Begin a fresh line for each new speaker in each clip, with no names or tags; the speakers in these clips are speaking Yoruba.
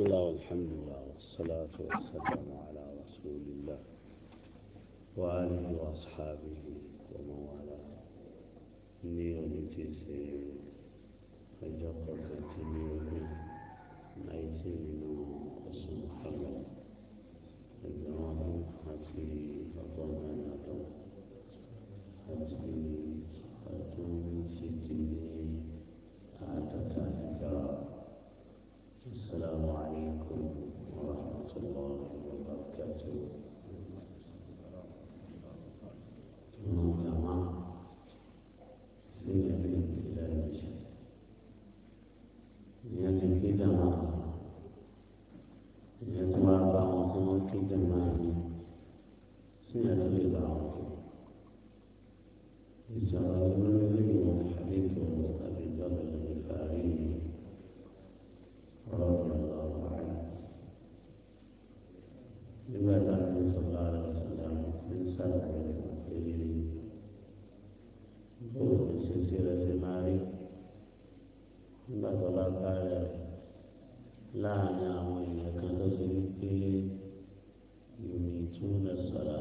بسم الله والحمد لله والصلاة والسلام على رسول الله وآله وأصحابه ومن والاه إني ونيتي سي أجاب قرأتني وني نايتي من أصل محمد الزمان حتى السلام عليكم ورحمة الله وبركاته Thank you. nígbà tá a ti sọ bá rẹ sọlá ní sàlàyé èyí bó ìṣesí rẹ ti máa rí nígbà tó bá bá rẹ láàrin àwọn èèyàn kan tó ṣe ní pé ìròyìn ìtúnlẹ̀ sọ̀rọ̀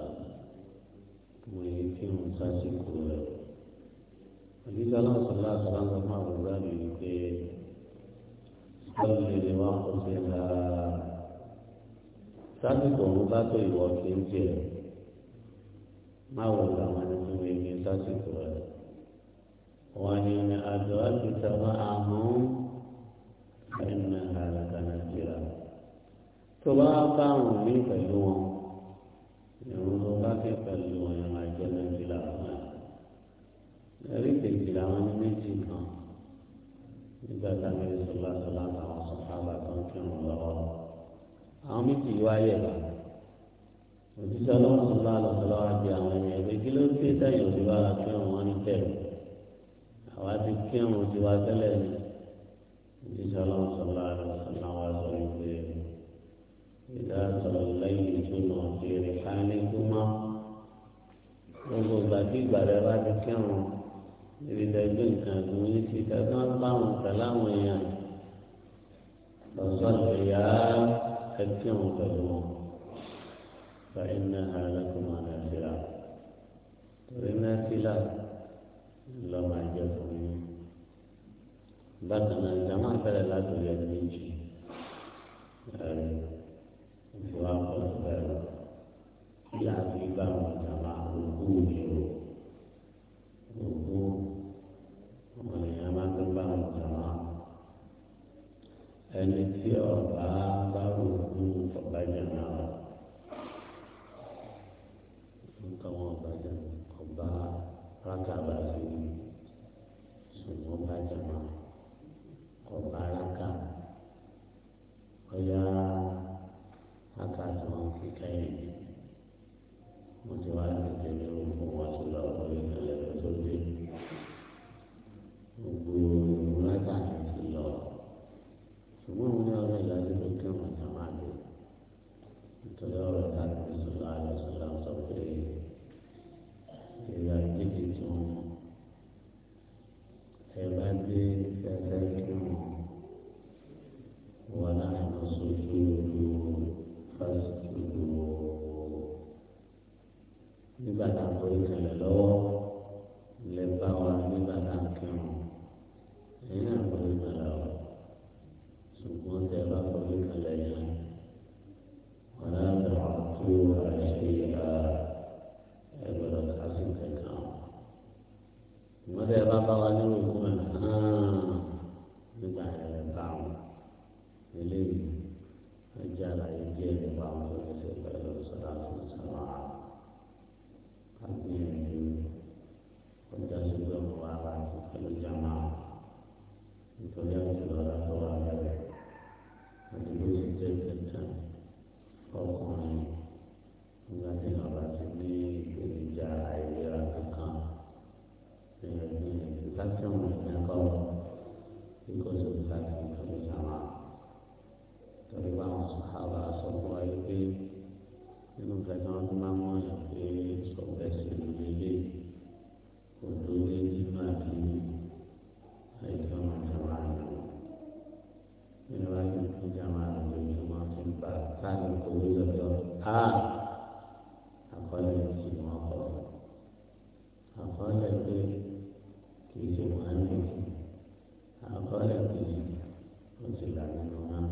àwọn èèyàn fi hàn sásìkò rẹ̀. حديث الله صلى الله عليه وسلم ما هو ذلك صلي لوقتها sásìkò òun bá tó ìwọ fi ń jẹ má wọ làwọn ẹni tó wọ ẹni sásìkò rẹ wọn ni ní àjọ àgbẹta wa àhún ẹnà àlàkà nàìjíríà tó bá bá wọn ní pẹ̀lú wọn ìrùn tó bá ké pẹ̀lú wọn yẹn máa jẹ nàìjíríà wọn ẹrí kejì làwọn ní méjì kan nígbà táwọn ẹni sọlá sọlá àwọn sọfá bàtà ń kírun lọ́wọ́ àwọn méjì yìí wáyé bá òjíṣẹ́ ọlọ́run tó bá lọ sọ́lá wá bí àwọn ẹ̀yìn ẹ̀gbẹ́ kí ló dé sẹ́yìn òbí bá la kírun wọn ní tẹ̀lé àwa ti kírun ojú wa tẹ́lẹ̀ ni òjíṣẹ́ ọlọ́run sọ́lá sọ́lá wá sọ wípé ìdá sọ̀rọ̀ lẹ́yìn ìtumọ̀ èrè ká ní kúmọ́ gbogbo ìgbà tí ìgbà rẹ bá ti kírun ibi tẹ̀gbẹ́ nǹkan ẹ̀gbọ́n yìí ti فانتهوا فلوم فإنها لكم على خلاف وإن خلاف لما جاءكم بطن الجماعة فلا تريد منك ẹni tí ọba bá wòlú ọba jẹ̀mọ́ àwọn nǹkan wọn ọba jẹ̀mọ́ ọba rákàbà sí i ṣùgbọ́n ọba jẹ̀mọ́ ọba rákà ọ̀yá rákàtà kíkà yìí mo ti wá ní ìdílé òkú wọn ti lọ ọ̀rọ̀ ìdílé tó dé. ń ṣẹlẹ̀ lọ́wọ́ lè bá wa nígbà tá à ń kírun ẹ̀yin náà kò ní padà wá ṣùgbọ́n tẹ bá kọ́ ní kalẹ̀ yẹn wọn á lọ tó àṣẹ ẹgbẹ̀rún kásì kankan ṣùgbọ́n tẹ bá bá wa nínú ìkú ẹ̀ nígbà yẹn lè bá wọn eléyìí ẹjẹ àlàyé díẹ̀ nípa àwọn tó ṣe pẹ̀lú sọlá tó ń ha ah. àkọọ́lẹ̀ sì ni wọ́n kọ́ àkọọ́lẹ̀ pé kì í ṣe wọ́n á àkọọ́lẹ̀ pé ó ti là nínú náà.